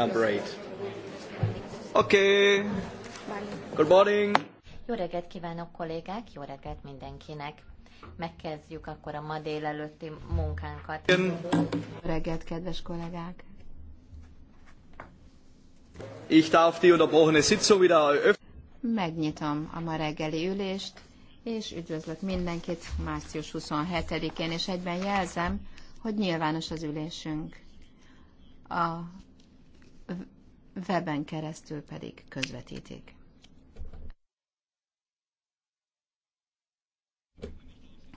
Number eight. Okay. Good morning. Jó reggelt kívánok kollégák, jó reggelt mindenkinek. Megkezdjük akkor a ma délelőtti munkánkat. Jó reggelt, kedves kollégák. Ich darf die unterbrochene Sitzung wieder eröffnen. Megnyitom a ma reggeli ülést, és üdvözlök mindenkit március 27-én, és egyben jelzem, hogy nyilvános az ülésünk. A weben keresztül pedig közvetítik.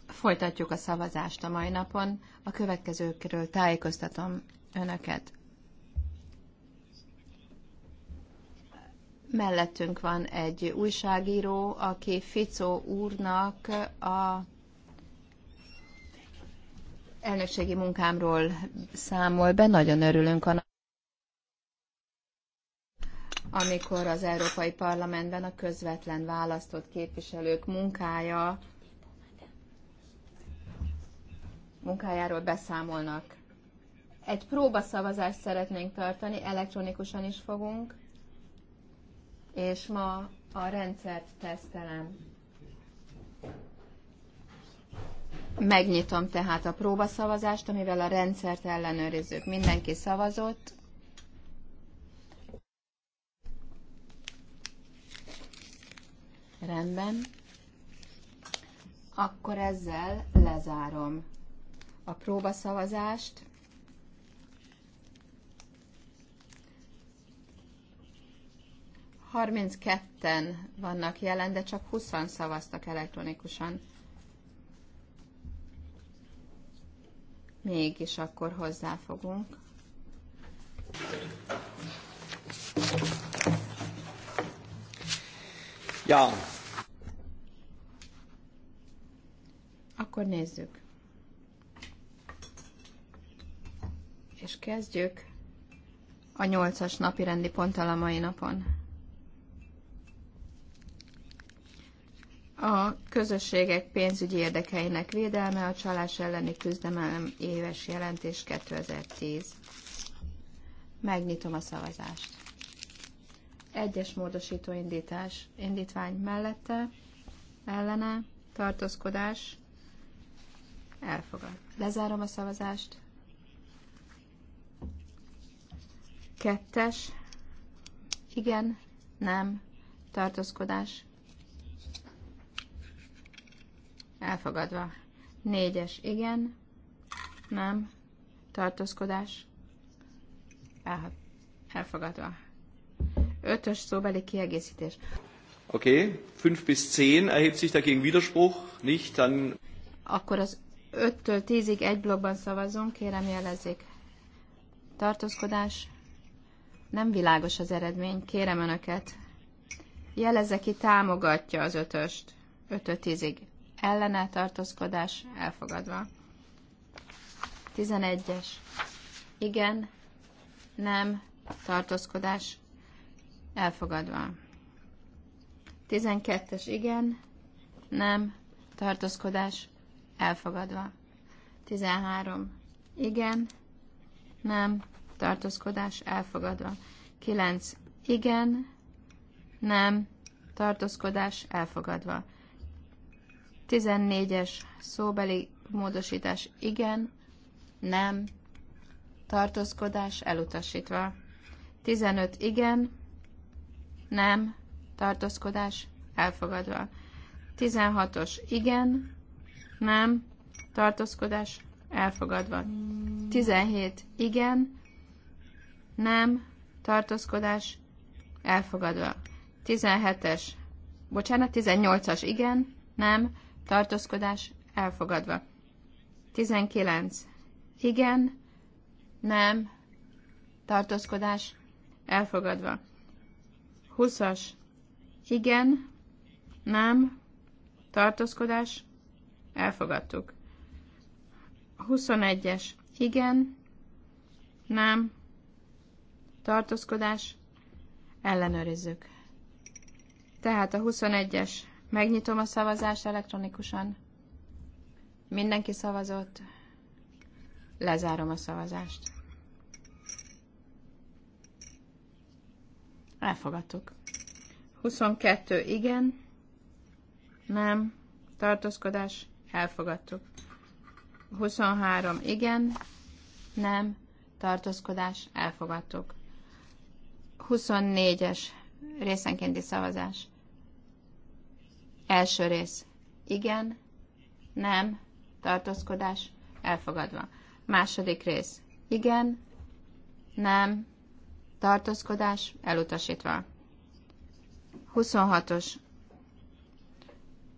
Folytatjuk a szavazást a mai napon. A következőkről tájékoztatom önöket. Mellettünk van egy újságíró, aki Ficó úrnak a elnökségi munkámról számol be. Nagyon örülünk annak amikor az Európai Parlamentben a közvetlen választott képviselők munkája munkájáról beszámolnak. Egy próbaszavazást szeretnénk tartani, elektronikusan is fogunk, és ma a rendszert tesztelem. Megnyitom tehát a próbaszavazást, amivel a rendszert ellenőrizzük. Mindenki szavazott. Rendben. Akkor ezzel lezárom a próbaszavazást. Harmincketten vannak jelen, de csak 20 szavaztak elektronikusan. Mégis akkor hozzáfogunk. Ja, Akkor nézzük. És kezdjük a nyolcas napi rendi ponttal a mai napon. A közösségek pénzügyi érdekeinek védelme a csalás elleni küzdelem éves jelentés 2010. Megnyitom a szavazást. Egyes módosító indítás, indítvány mellette, ellene, tartózkodás, Elfogad. Lezárom a szavazást. Kettes. Igen, nem, tartózkodás. Elfogadva. Négyes, igen, nem, tartózkodás. Elfogadva. Ötös szóbeli kiegészítés. Oké, okay. 5 bis 10 erhebt sich dagegen Widerspruch, nicht, dann... Akkor az 5-től 10-ig egy blogban szavazunk, kérem jelezzék. Tartózkodás. Nem világos az eredmény, kérem önöket. Jelezze ki támogatja az ötöst. 5-től 10-ig. Ellene tartózkodás elfogadva. 11-es. Igen, nem, tartózkodás elfogadva. 12-es. Igen, nem, tartózkodás elfogadva. Elfogadva. 13. Igen. Nem. Tartózkodás. Elfogadva. 9. Igen. Nem. Tartózkodás. Elfogadva. 14-es szóbeli módosítás. Igen. Nem. Tartózkodás. Elutasítva. 15. Igen. Nem. Tartózkodás. Elfogadva. 16-os. Igen nem, tartózkodás, elfogadva. 17. Igen, nem, tartózkodás, elfogadva. 17-es, bocsánat, 18-as, igen, nem, tartózkodás, elfogadva. 19. Igen, nem, tartózkodás, elfogadva. 20-as, igen, nem, tartózkodás, Elfogadtuk. 21-es. Igen. Nem. Tartózkodás. Ellenőrizzük. Tehát a 21-es. Megnyitom a szavazást elektronikusan. Mindenki szavazott. Lezárom a szavazást. Elfogadtuk. 22 igen, nem, tartózkodás, Elfogadtuk. 23. Igen, nem, tartózkodás, elfogadtuk. 24-es részenkénti szavazás. Első rész. Igen, nem, tartózkodás, elfogadva. Második rész. Igen, nem, tartózkodás, elutasítva. 26-os.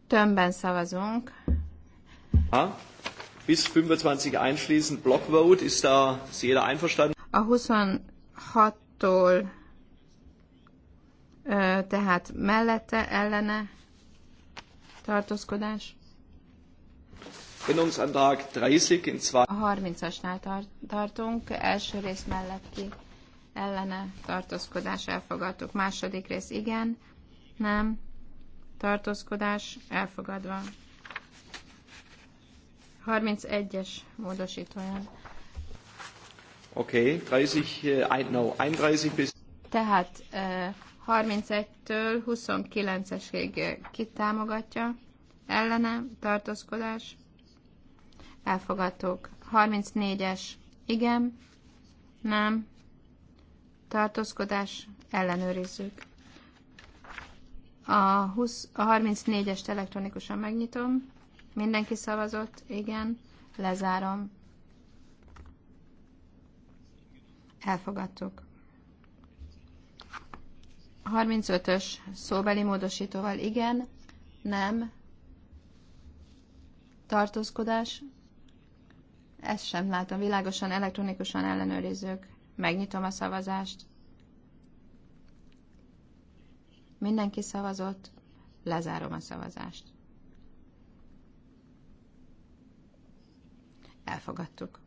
Tömbben szavazunk. Ha? Bis 25 einschließend Block Vote. Ist da ist jeder einverstanden? A 26-tól tehát mellette, ellene tartózkodás. Änderungsantrag 30 in 2. A 30-asnál tar- tartunk, első rész mellett ki ellene tartózkodás elfogadtuk. Második rész igen, nem, tartózkodás elfogadva. 31-es módosítóján. Oké, okay, 30, eh, no, 31 bis... Tehát 31-től eh, 29-esig eh, kitámogatja, ellene, tartózkodás, elfogadtuk. 34-es, igen, nem, tartózkodás, ellenőrizzük. A, 20, a 34-est elektronikusan megnyitom. Mindenki szavazott? Igen. Lezárom. Elfogadtuk. 35-ös szóbeli módosítóval igen, nem, tartózkodás, ezt sem látom világosan, elektronikusan ellenőrizők. Megnyitom a szavazást. Mindenki szavazott, lezárom a szavazást. Elfogadtuk.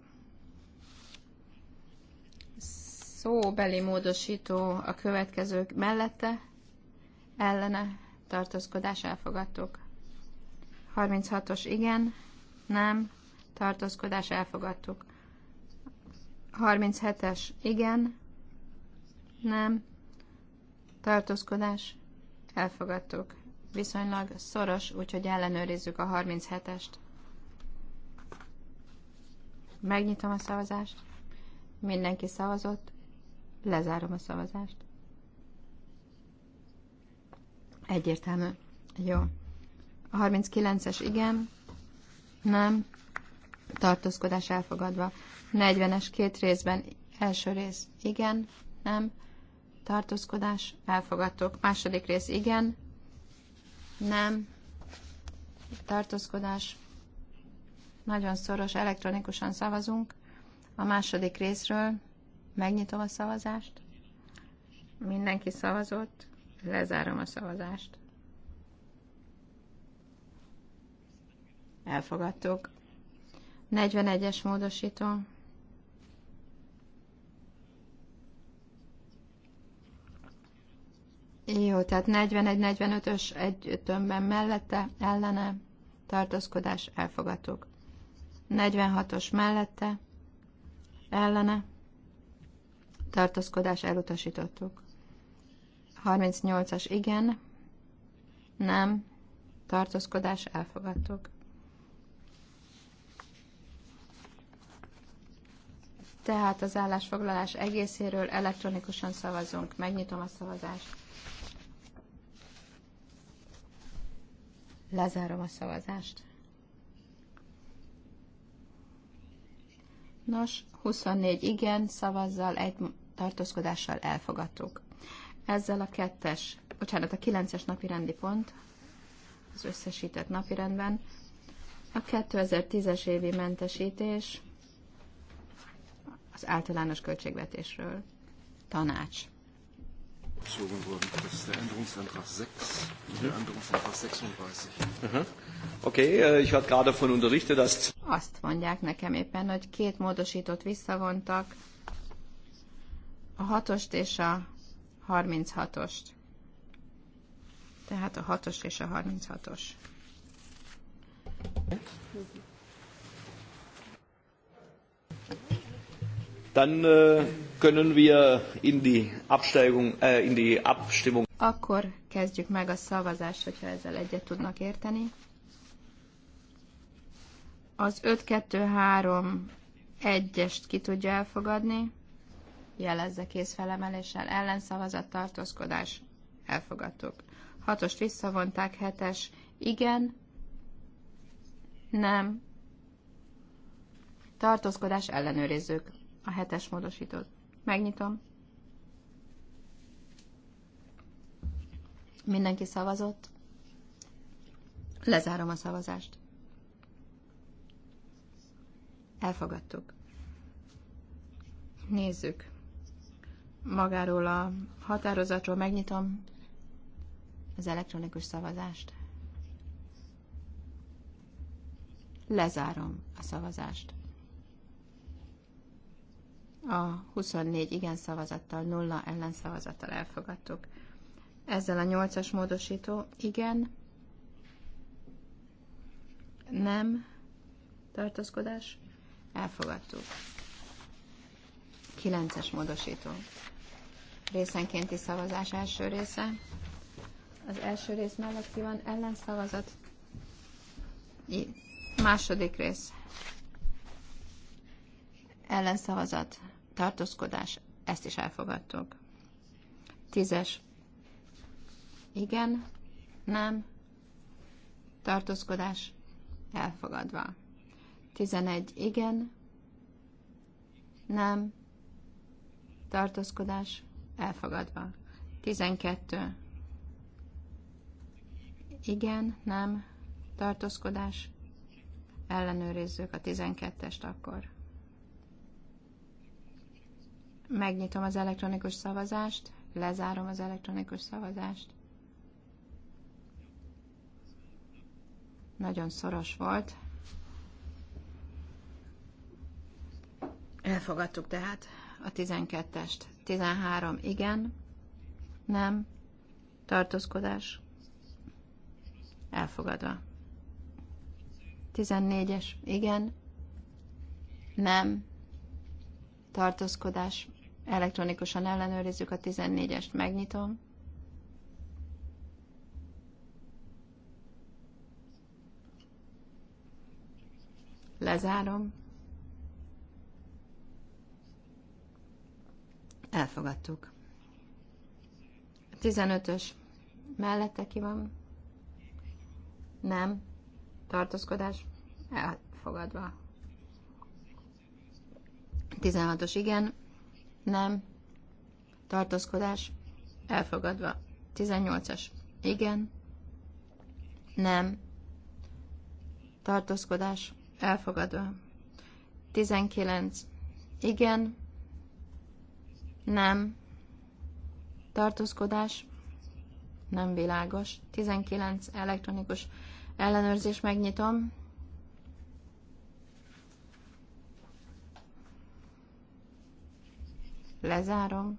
Szóbeli módosító a következők mellette, ellene, tartózkodás, elfogadtuk. 36-os igen, nem, tartózkodás, elfogadtuk. 37-es igen, nem, tartózkodás, elfogadtuk. Viszonylag szoros, úgyhogy ellenőrizzük a 37-est. Megnyitom a szavazást. Mindenki szavazott. Lezárom a szavazást. Egyértelmű. Jó. A 39-es igen, nem, tartózkodás elfogadva. 40-es két részben első rész igen, nem, tartózkodás elfogadtok. Második rész igen, nem, tartózkodás nagyon szoros, elektronikusan szavazunk. A második részről megnyitom a szavazást. Mindenki szavazott, lezárom a szavazást. Elfogadtuk. 41-es módosító. Jó, tehát 41-45-ös egy tömbben mellette, ellene, tartózkodás, elfogadtuk. 46-os mellette, ellene, tartózkodás elutasítottuk. 38-as igen, nem, tartózkodás elfogadtuk. Tehát az állásfoglalás egészéről elektronikusan szavazunk. Megnyitom a szavazást. Lezárom a szavazást. Nos, 24 igen szavazzal, egy tartózkodással elfogadtuk. Ezzel a kettes, bocsánat, a kilences napi rendi pont az összesített napirendben a 2010-es évi mentesítés az általános költségvetésről. Tanács. Bezogen worden. Das ist der Änderungsantrag 6, der Änderungsantrag 36. Okay, eh, ich hatte gerade unterrichtet, dass... Azt mondják nekem éppen, hogy két módosítót visszavontak, a hatost és a 36-ost. Tehát a hatos és a 36-os. Dann äh, können wir in die, Abstimmung, äh, in die Abstimmung. Akkor kezdjük meg a szavazást, hogyha ezzel egyet tudnak érteni. Az 5-2-3 1 est ki tudja elfogadni, jelezze kész felemeléssel, ellenszavazat, tartózkodás, elfogadtuk. 6 Hatost visszavonták, 7-es. igen, nem, tartózkodás ellenőrizzük a hetes módosított. Megnyitom. Mindenki szavazott. Lezárom a szavazást. Elfogadtuk. Nézzük. Magáról a határozatról megnyitom az elektronikus szavazást. Lezárom a szavazást. A 24 igen szavazattal, nulla ellen szavazattal elfogadtuk. Ezzel a 8-as módosító igen, nem, tartózkodás, elfogadtuk. 9-es módosító. Részenkénti szavazás első része. Az első rész mellett ki van ellenszavazat. Második rész ellenszavazat, tartózkodás, ezt is elfogadtuk. Tízes. Igen, nem, tartózkodás, elfogadva. Tizenegy. Igen, nem, tartózkodás, elfogadva. Tizenkettő. Igen, nem, tartózkodás, ellenőrizzük a tizenkettest akkor. Megnyitom az elektronikus szavazást, lezárom az elektronikus szavazást. Nagyon szoros volt. Elfogadtuk tehát a 12-est. 13 igen, nem, tartózkodás, elfogadva. 14-es igen, nem, tartózkodás, Elektronikusan ellenőrizzük a 14-est, megnyitom. Lezárom. Elfogadtuk. A 15-ös. Mellette ki van? Nem. Tartózkodás? Elfogadva. 16-os igen nem, tartózkodás, elfogadva. 18-as, igen, nem, tartózkodás, elfogadva. 19, igen, nem, tartózkodás, nem világos. 19, elektronikus ellenőrzés, megnyitom. Lezárom.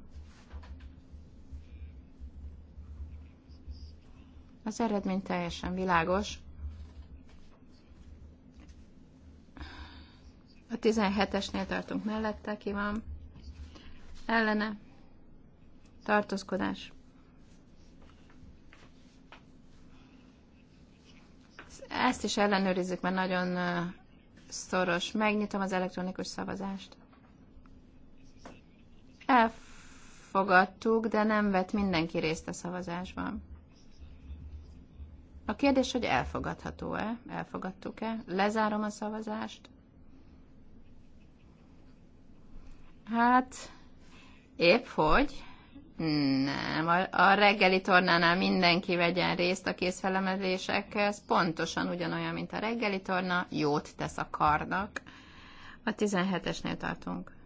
Az eredmény teljesen világos. A 17-esnél tartunk mellette, ki van. Ellene. Tartózkodás. Ezt is ellenőrizzük, mert nagyon szoros. Megnyitom az elektronikus szavazást. Elfogadtuk, de nem vett mindenki részt a szavazásban. A kérdés, hogy elfogadható-e? Elfogadtuk-e? Lezárom a szavazást. Hát, épp hogy. Nem, a, a reggeli tornánál mindenki vegyen részt a készfelemezésekhez. pontosan ugyanolyan, mint a reggeli torna, jót tesz a karnak. A 17-esnél tartunk.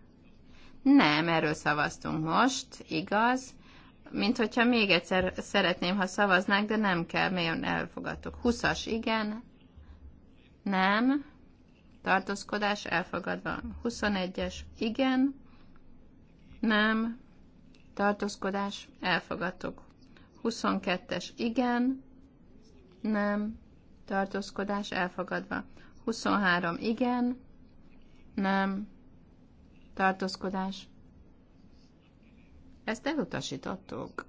Nem, erről szavaztunk most, igaz. Mint hogyha még egyszer szeretném, ha szavaznák, de nem kell, mert elfogadtuk. 20-as, igen. Nem. Tartózkodás elfogadva. 21-es, igen. Nem. Tartózkodás elfogadtuk. 22-es, igen. Nem. Tartózkodás elfogadva. 23, igen. Nem tartózkodás. Ezt elutasítottuk.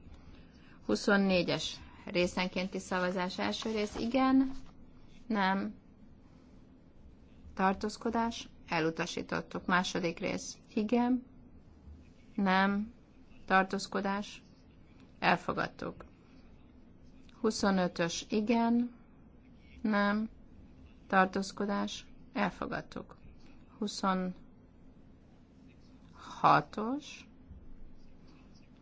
24-es részenkénti szavazás első rész igen, nem, tartózkodás, elutasítottuk. Második rész igen, nem, tartózkodás, elfogadtuk. 25-ös igen, nem, tartózkodás, elfogadtuk. 26 6-os,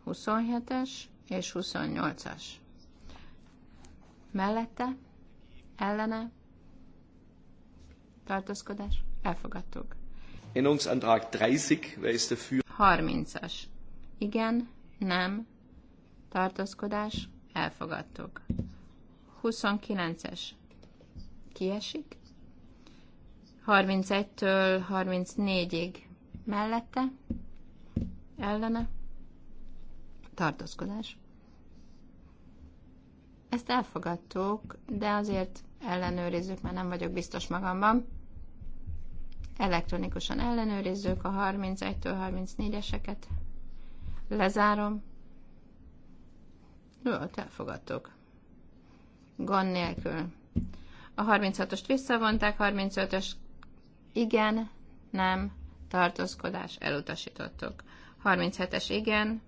27-es és 28-as. Mellette, ellene, tartózkodás, elfogadtuk. Änderungsantrag 30, wer ist dafür? 30-as. Igen, nem, tartózkodás, elfogadtuk. 29-es. Kiesik. 31-től 34-ig mellette, ellene, tartózkodás. Ezt elfogadtuk, de azért ellenőrizzük, mert nem vagyok biztos magamban. Elektronikusan ellenőrizzük a 31-től 34-eseket. Lezárom. Jó, elfogadtuk. Gond nélkül. A 36-ost visszavonták, 35-ös igen, nem, tartózkodás, elutasítottuk. 37-es igen.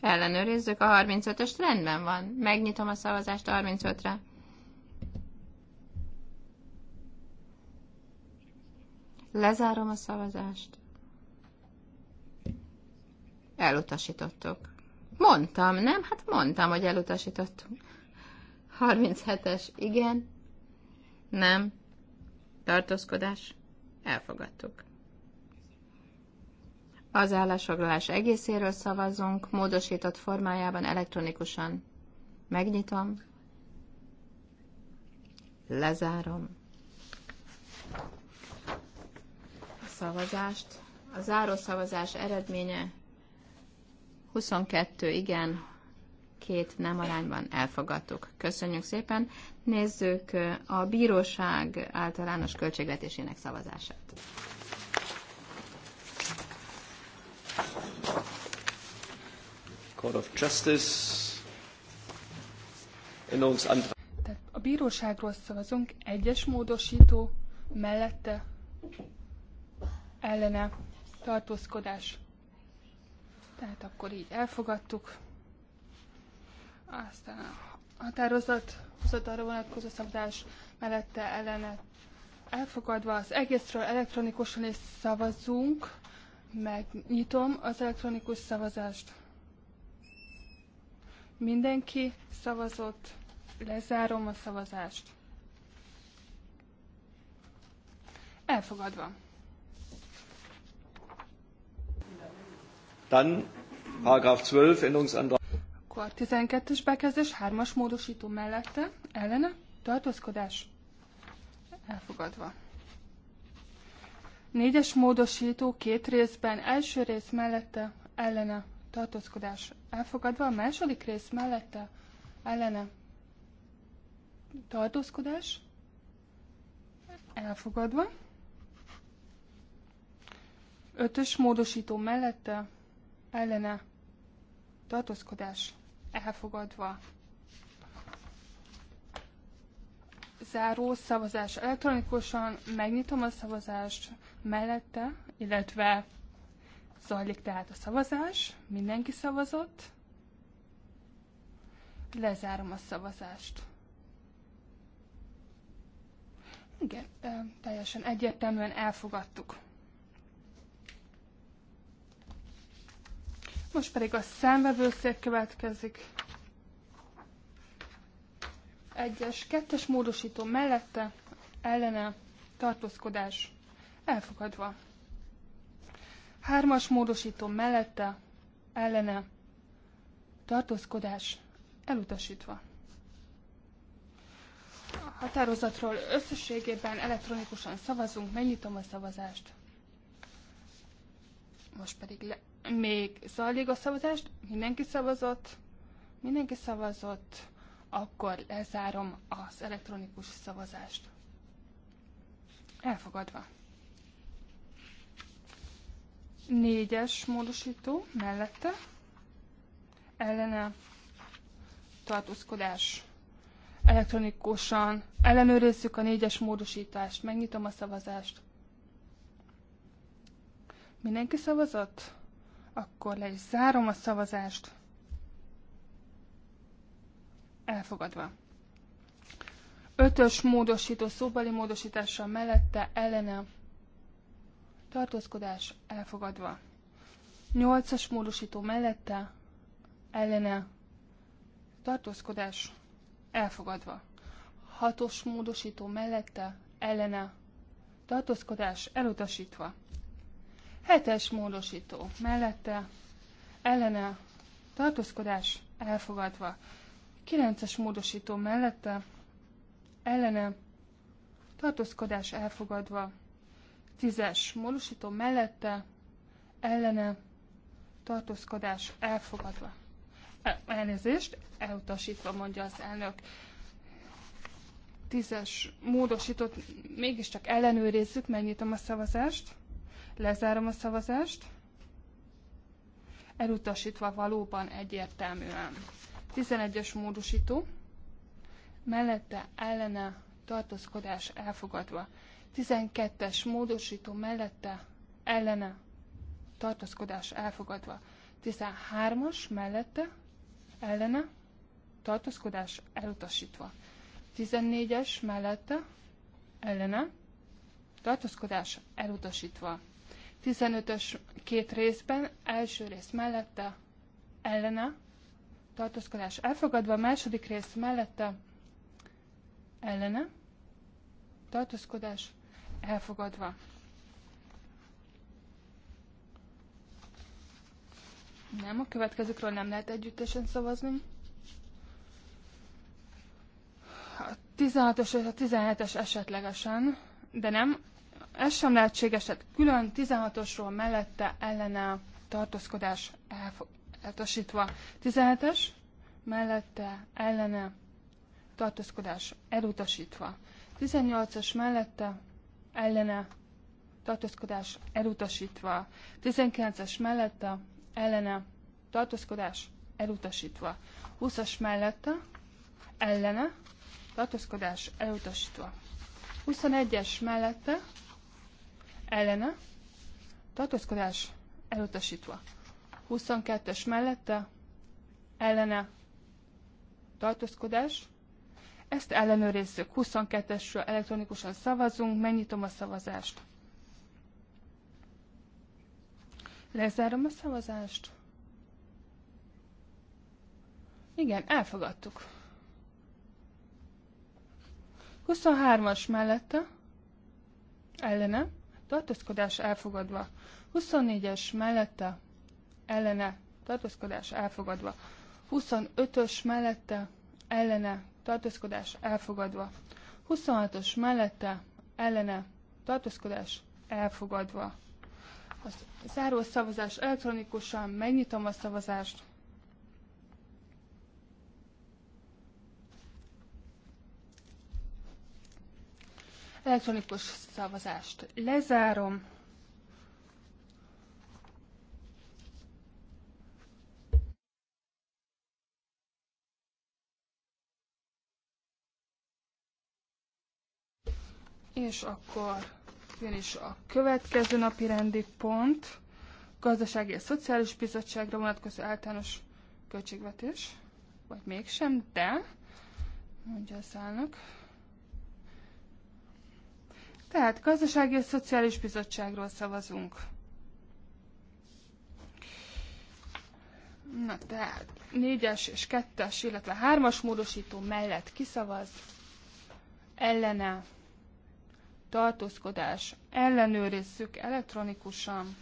Ellenőrizzük a 35-öst, rendben van. Megnyitom a szavazást a 35-re. Lezárom a szavazást. Elutasítottuk. Mondtam, nem? Hát mondtam, hogy elutasítottuk. 37-es, igen. Nem. Tartózkodás. Elfogadtuk. Az állásfoglalás egészéről szavazunk, módosított formájában elektronikusan. Megnyitom. Lezárom. A szavazást. A záró szavazás eredménye 22 igen, két nem arányban elfogadtuk. Köszönjük szépen. Nézzük a bíróság általános költségvetésének szavazását. Court of Justice. Änderungsantrag. Tehát a bíróságról szavazunk, egyes módosító mellette ellene tartózkodás. Tehát akkor így elfogadtuk. Aztán a határozat, hozatalra vonatkozó szavazás mellette ellene elfogadva az egészről elektronikusan is szavazunk. Megnyitom az elektronikus szavazást. Mindenki szavazott, lezárom a szavazást. Elfogadva. Dann paragraf 12 Änderungsantrag. Akkor 12-es bekezdés, 3-as módosító mellette, ellene, tartózkodás. Elfogadva. Négyes módosító két részben, első rész mellette, ellene, tartózkodás elfogadva, a második rész mellette ellene tartózkodás elfogadva, ötös módosító mellette ellene tartózkodás elfogadva. Záró szavazás elektronikusan, megnyitom a szavazást mellette, illetve Zajlik tehát a szavazás, mindenki szavazott. Lezárom a szavazást. Igen, teljesen egyértelműen elfogadtuk. Most pedig a számvevőszék következik. Egyes, kettes módosító mellette, ellene, tartózkodás elfogadva. Hármas módosító mellette ellene tartózkodás elutasítva. A határozatról összességében elektronikusan szavazunk, megnyitom a szavazást. Most pedig le, még zajlik a szavazást, mindenki szavazott, mindenki szavazott, akkor lezárom az elektronikus szavazást. Elfogadva. Négyes módosító mellette ellene tartózkodás elektronikusan. Ellenőrizzük a négyes módosítást. Megnyitom a szavazást. Mindenki szavazott? Akkor le is zárom a szavazást. Elfogadva. Ötös módosító szóbeli módosítással mellette ellene tartózkodás elfogadva. 8-as módosító mellette ellene tartózkodás elfogadva. 6-os módosító mellette ellene tartózkodás elutasítva. 7-es módosító mellette ellene tartózkodás elfogadva. 9-es módosító mellette ellene tartózkodás elfogadva. Tízes módosító mellette ellene tartózkodás elfogadva. E, elnézést, elutasítva mondja az elnök. Tízes módosított, mégiscsak ellenőrizzük, megnyitom a szavazást, lezárom a szavazást. Elutasítva valóban egyértelműen. 11-es módosító, mellette ellene tartózkodás elfogadva. 12-es módosító mellette ellene tartózkodás elfogadva. 13-as mellette ellene tartózkodás elutasítva. 14-es mellette ellene tartózkodás elutasítva. 15-ös két részben, első rész mellette ellene tartózkodás elfogadva, második rész mellette ellene tartózkodás elfogadva. Nem, a következőkről nem lehet együttesen szavazni. A 16-os és a 17-es esetlegesen, de nem. Ez sem lehetséges, tehát külön 16-osról mellette ellene a tartózkodás eltasítva. 17-es mellette ellene tartózkodás elutasítva. 18-as mellette ellene tartózkodás elutasítva. 19-es mellette ellene tartózkodás elutasítva. 20-as mellette ellene tartózkodás elutasítva. 21-es mellette ellene tartózkodás elutasítva. 22-es mellette ellene tartózkodás elutasítva, ezt ellenőrizzük. 22-esről elektronikusan szavazunk, megnyitom a szavazást. Lezárom a szavazást. Igen, elfogadtuk. 23-as mellette, ellene, tartózkodás elfogadva. 24-es mellette, ellene, tartózkodás elfogadva. 25-ös mellette, ellene, tartózkodás elfogadva. 26-os mellette ellene tartózkodás elfogadva. A záró szavazás elektronikusan megnyitom a szavazást. Elektronikus szavazást lezárom. És akkor jön is a következő napi rendi pont, gazdasági és szociális bizottságra vonatkozó általános költségvetés, vagy mégsem, de, mondja az elnök. Tehát gazdasági és szociális bizottságról szavazunk. Na tehát négyes és kettes, illetve hármas módosító mellett kiszavaz, ellene tartózkodás. Ellenőrizzük elektronikusan.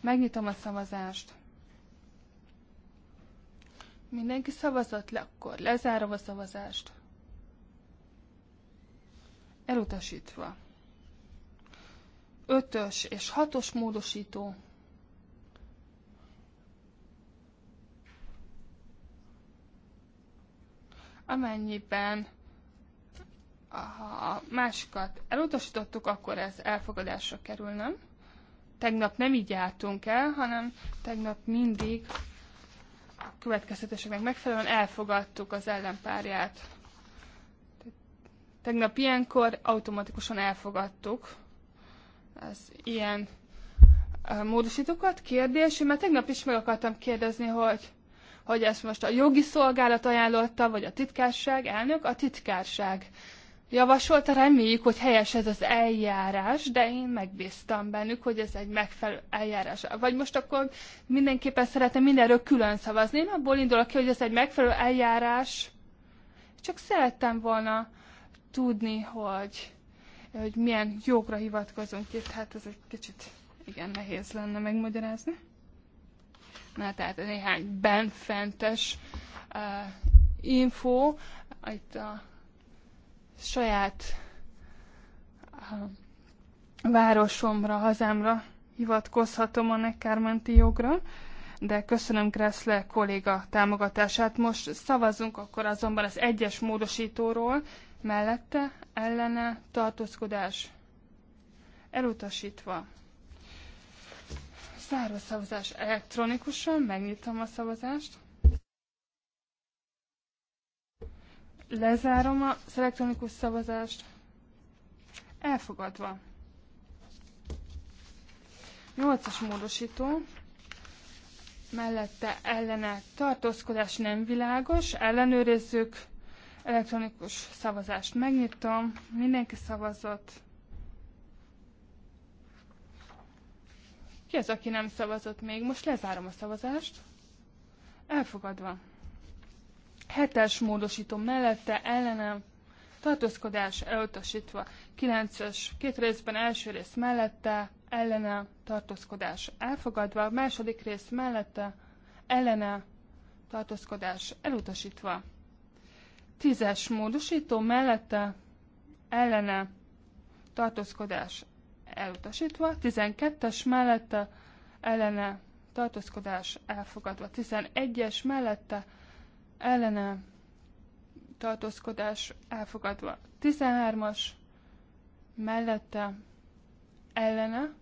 Megnyitom a szavazást. Mindenki szavazott le, akkor lezárom a szavazást. Elutasítva. Ötös és hatos módosító. Amennyiben a másikat elutasítottuk, akkor ez elfogadásra kerül, nem? Tegnap nem így jártunk el, hanem tegnap mindig a következtetéseknek megfelelően elfogadtuk az ellenpárját. Tegnap ilyenkor automatikusan elfogadtuk az ilyen módosítókat, kérdés, mert tegnap is meg akartam kérdezni, hogy hogy ezt most a jogi szolgálat ajánlotta, vagy a titkárság, elnök, a titkárság Javasolta reméljük, hogy helyes ez az eljárás, de én megbíztam bennük, hogy ez egy megfelelő eljárás. Vagy most akkor mindenképpen szeretem mindenről külön szavazni. Én abból indulok ki, hogy ez egy megfelelő eljárás. Csak szerettem volna tudni, hogy, hogy milyen jogra hivatkozunk itt. Hát ez egy kicsit igen nehéz lenne megmagyarázni. Na tehát néhány benfentes uh, info, itt a saját uh, városomra, hazámra hivatkozhatom a nekármenti jogra, de köszönöm Gressle kolléga támogatását. Most szavazunk akkor azonban az egyes módosítóról, mellette ellene tartózkodás elutasítva. Záró szavazás elektronikusan, megnyitom a szavazást. Lezárom az elektronikus szavazást. Elfogadva. 8-as módosító. Mellette ellene tartózkodás nem világos. Ellenőrizzük. Elektronikus szavazást megnyitom. Mindenki szavazott. Ki az, aki nem szavazott még? Most lezárom a szavazást. Elfogadva. Hetes módosító mellette ellenem tartózkodás elutasítva. Kilences két részben első rész mellette ellene tartózkodás elfogadva, második rész mellette ellene tartózkodás elutasítva. Tízes módosító mellette ellene tartózkodás elutasítva, 12-es mellette ellene tartózkodás elfogadva, 11-es mellette ellene tartózkodás elfogadva. 13-as mellette ellene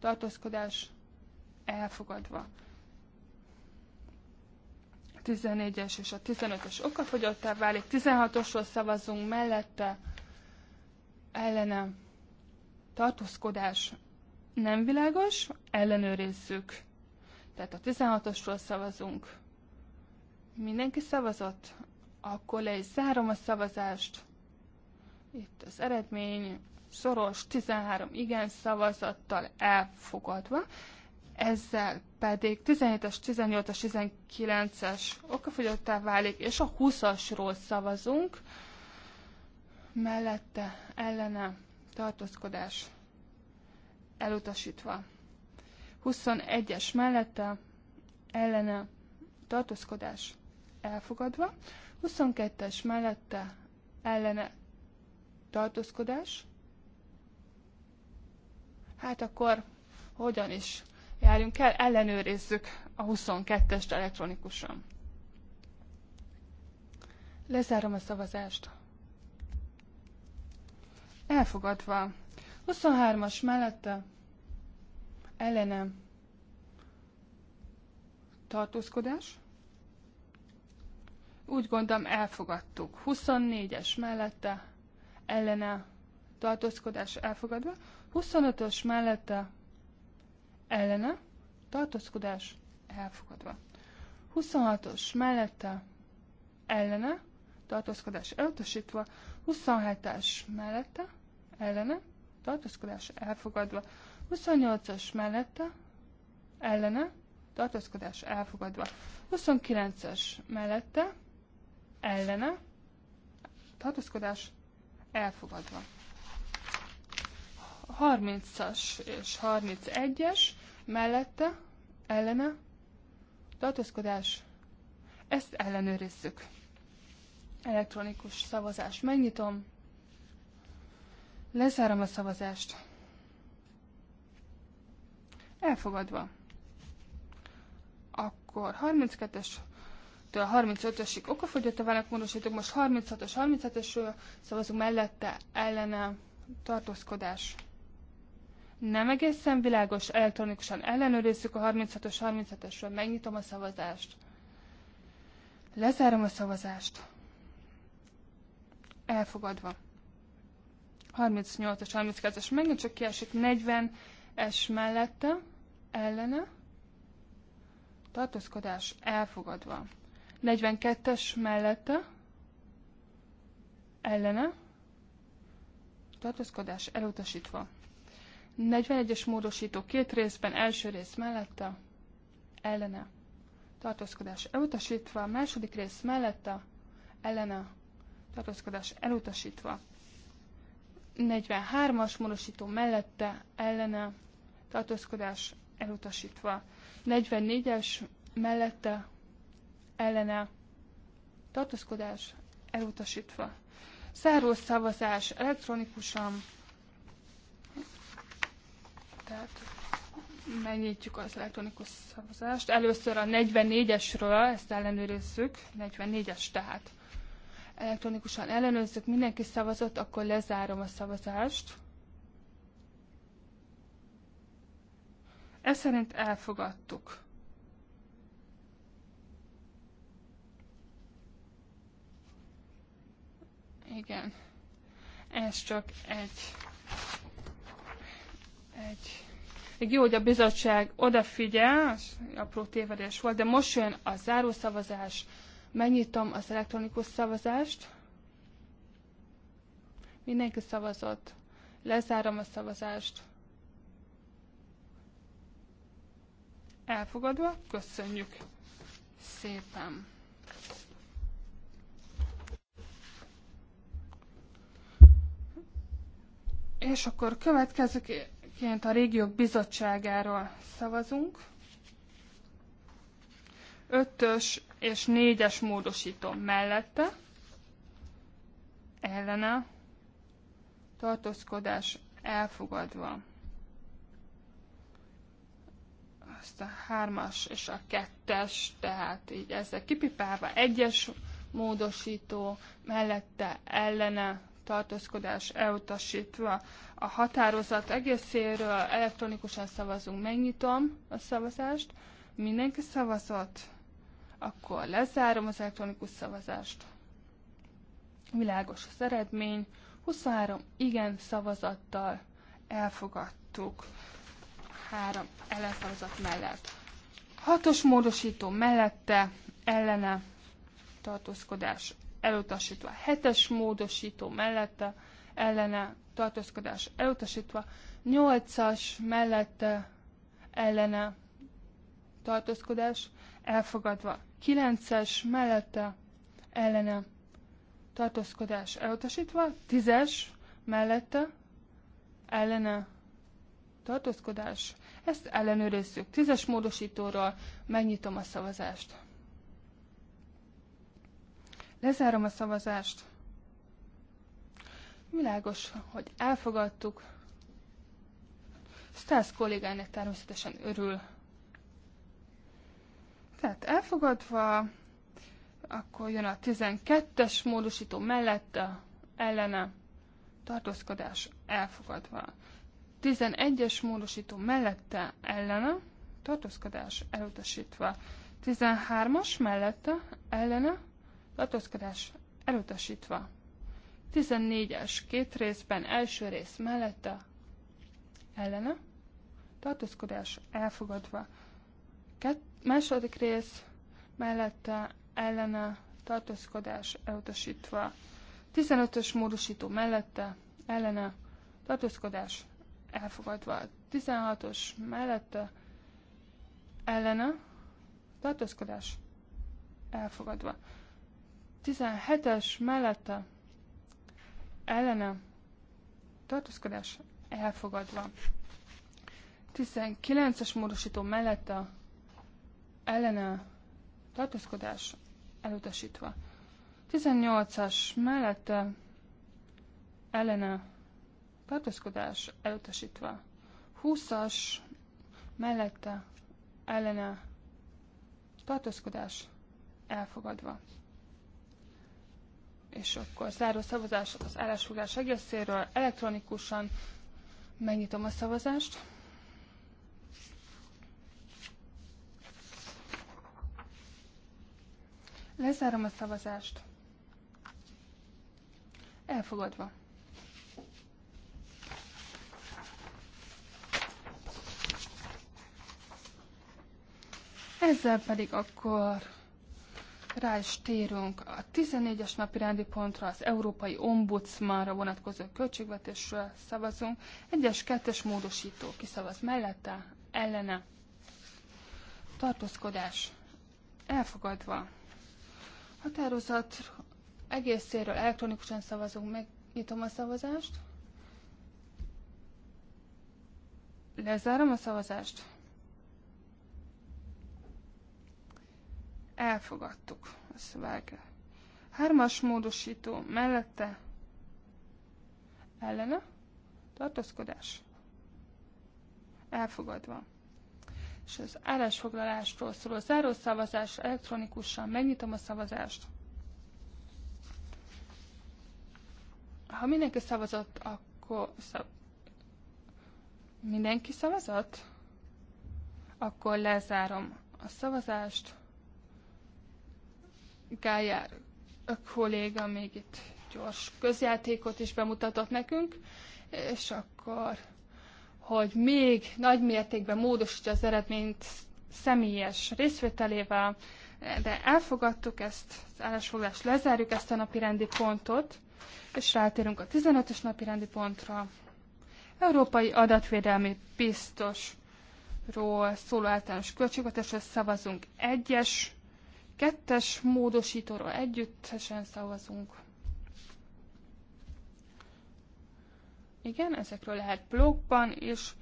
tartózkodás elfogadva. 14-es és a 15-ös okafogyottá válik. 16-osról szavazunk mellette ellene tartózkodás nem világos, ellenőrizzük. Tehát a 16-osról szavazunk. Mindenki szavazott? Akkor le is zárom a szavazást. Itt az eredmény szoros 13 igen szavazattal elfogadva. Ezzel pedig 17-es, 18-as, 19-es okafogyottá válik, és a 20-asról szavazunk. Mellette ellene tartózkodás elutasítva. 21-es mellette ellene tartózkodás elfogadva, 22-es mellette ellene tartózkodás, hát akkor hogyan is járjunk el, ellenőrizzük a 22-est elektronikusan. Lezárom a szavazást. Elfogadva. 23-as mellette ellenem tartózkodás úgy gondolom elfogadtuk. 24-es mellette ellene tartózkodás elfogadva, 25-ös mellette ellene tartózkodás elfogadva. 26-os mellette ellene tartózkodás elutasítva, 27-es mellette ellene tartózkodás elfogadva, 28-as mellette ellene tartózkodás elfogadva, 29-es mellette ellene, tartózkodás elfogadva. 30-as és 31-es mellette, ellene, tartózkodás, ezt ellenőrizzük. Elektronikus szavazást megnyitom, lezárom a szavazást. Elfogadva. Akkor 32-es 35-ösig okafogyott a vannak módosítók, most 36-os, 37-esről szavazunk mellette ellene tartózkodás. Nem egészen világos, elektronikusan ellenőrizzük a 36-os, 37-esről, megnyitom a szavazást. Lezárom a szavazást. Elfogadva. 38-as, 32-es, megint csak kiesik 40-es mellette, ellene, tartózkodás elfogadva. 42-es mellette ellene tartózkodás elutasítva. 41-es módosító két részben, első rész mellette ellene tartózkodás elutasítva, második rész mellette ellene tartózkodás elutasítva. 43-as módosító mellette ellene tartózkodás elutasítva. 44-es mellette ellene tartózkodás elutasítva. száros szavazás elektronikusan, tehát megnyitjuk az elektronikus szavazást. Először a 44-esről, ezt ellenőrizzük, 44-es tehát. Elektronikusan ellenőrizzük, mindenki szavazott, akkor lezárom a szavazást. Ez szerint elfogadtuk. Igen. Ez csak egy, egy egy jó, hogy a bizottság odafigyel, apró tévedés volt, de most jön a zárószavazás. Megnyitom az elektronikus szavazást. Mindenki szavazott. Lezárom a szavazást. Elfogadva, köszönjük szépen! És akkor következőként a régiók bizottságáról szavazunk. Ötös és négyes módosító mellette, ellene, tartózkodás elfogadva. Azt a hármas és a kettes, tehát így ezzel kipipálva egyes módosító, mellette ellene tartózkodás elutasítva. A határozat egészéről elektronikusan szavazunk, megnyitom a szavazást. Mindenki szavazott? Akkor lezárom az elektronikus szavazást. Világos az eredmény. 23 igen szavazattal elfogadtuk. Három ellenszavazat mellett. Hatos módosító mellette ellene tartózkodás elutasítva. Hetes módosító mellette ellene tartózkodás elutasítva. Nyolcas mellette ellene tartózkodás elfogadva. Kilences mellette ellene tartózkodás elutasítva. Tízes mellette ellene tartózkodás. Ezt ellenőrizzük. Tízes módosítóról megnyitom a szavazást. Lezárom a szavazást. Világos, hogy elfogadtuk. Stász kollégának természetesen örül. Tehát elfogadva, akkor jön a 12-es módosító mellette, ellene, tartózkodás elfogadva. 11-es módosító mellette, ellene, tartózkodás elutasítva. 13-as mellette, ellene, tartózkodás elutasítva. 14-es két részben első rész mellette ellene tartózkodás elfogadva. Kett, második rész mellette ellene tartózkodás elutasítva. 15-ös módosító mellette ellene tartózkodás elfogadva. 16-os mellette ellene tartózkodás elfogadva. 17-es mellette ellene tartózkodás elfogadva. 19-es módosító mellette ellene tartózkodás elutasítva. 18-as mellette ellene tartózkodás elutasítva. 20-as mellette ellene tartózkodás elfogadva és akkor záró szavazás az állásfoglás egészéről. Elektronikusan megnyitom a szavazást. Lezárom a szavazást. Elfogadva. Ezzel pedig akkor rá is térünk a 14-es napi rendi pontra, az Európai Ombudsmanra vonatkozó költségvetésről szavazunk. Egyes, kettes módosító kiszavaz mellette, ellene. Tartózkodás elfogadva. Határozat egészéről elektronikusan szavazunk, megnyitom a szavazást. Lezárom a szavazást. Elfogadtuk a szöveget. Hármas módosító mellette ellene tartózkodás. Elfogadva. És az állásfoglalásról szóló zárószavazás elektronikusan megnyitom a szavazást. Ha mindenki szavazott, akkor szav... mindenki szavazott? Akkor lezárom a szavazást. Gájár kolléga még itt gyors közjátékot is bemutatott nekünk, és akkor, hogy még nagy mértékben módosítja az eredményt személyes részvételével, de elfogadtuk ezt, az állásfoglalást lezárjuk, ezt a napi rendi pontot, és rátérünk a 15-ös napi rendi pontra. Európai Adatvédelmi Biztosról szóló általános költségvetésre szavazunk egyes kettes módosítóról együttesen szavazunk. Igen, ezekről lehet blogban is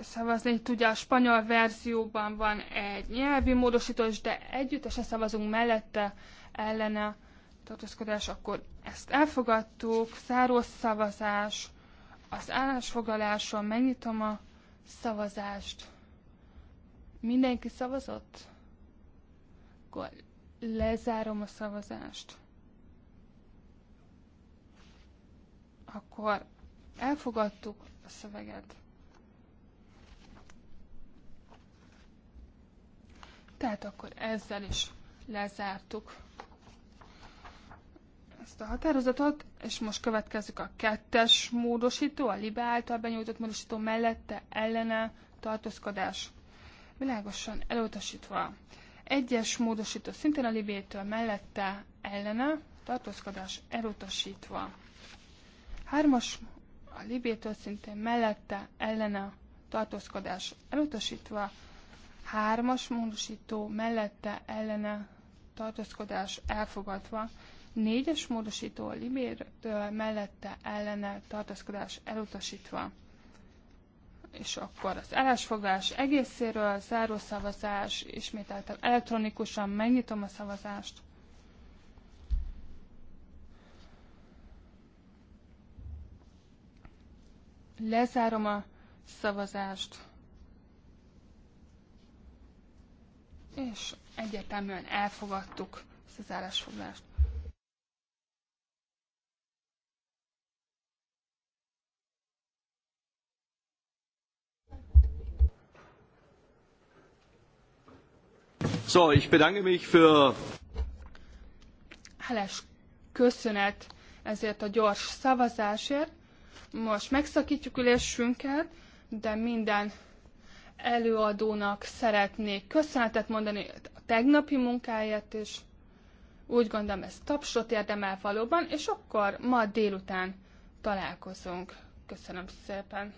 szavazni. Tudja, a spanyol verzióban van egy nyelvi módosító is, de együttesen szavazunk mellette ellene tartózkodás, akkor ezt elfogadtuk, záró szavazás, az állásfoglalással megnyitom a szavazást. Mindenki szavazott? Akkor lezárom a szavazást. Akkor elfogadtuk a szöveget. Tehát akkor ezzel is lezártuk ezt a határozatot, és most következik a kettes módosító, a Libe által benyújtott módosító mellette ellene tartózkodás. Világosan elutasítva. Egyes módosító szintén a libétől mellette ellene tartózkodás elutasítva. Hármas a libétől szintén mellette ellene tartózkodás elutasítva. Hármas módosító mellette ellene tartózkodás elfogadva. Négyes módosító a libétől mellette ellene tartózkodás elutasítva és akkor az állásfoglás egészéről, záró szavazás, ismételtem elektronikusan megnyitom a szavazást. Lezárom a szavazást. És egyértelműen elfogadtuk ezt az állásfoglást. So, ich bedanke mich für... Heles, köszönet ezért a gyors szavazásért. Most megszakítjuk ülésünket, de minden előadónak szeretnék köszönetet mondani a tegnapi munkáját és Úgy gondolom, ez tapsot érdemel valóban, és akkor ma délután találkozunk. Köszönöm szépen!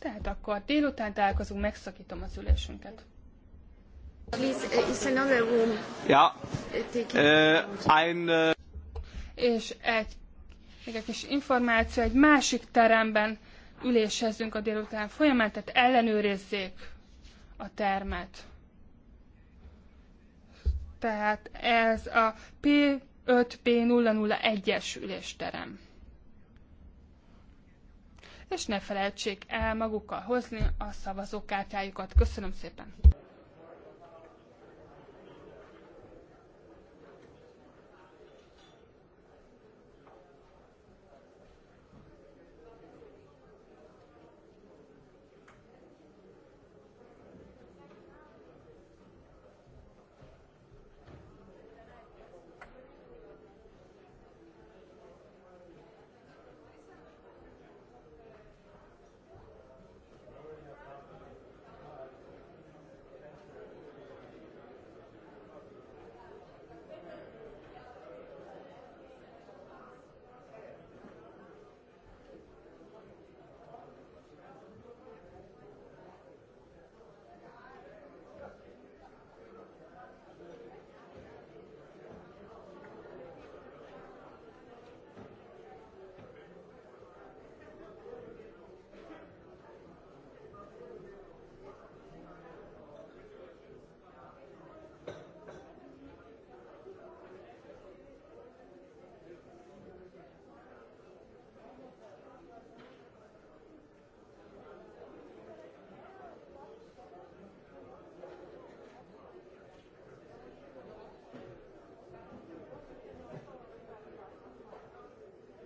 Tehát akkor délután találkozunk, megszakítom az ülésünket. Please, another room. Ja. Uh, ein, uh... És egy, még egy kis információ, egy másik teremben ülésezzünk a délután folyamán, tehát ellenőrizzék a termet. Tehát ez a P5P001-es ülésterem és ne felejtsék el magukkal hozni a szavazókártyájukat. Köszönöm szépen!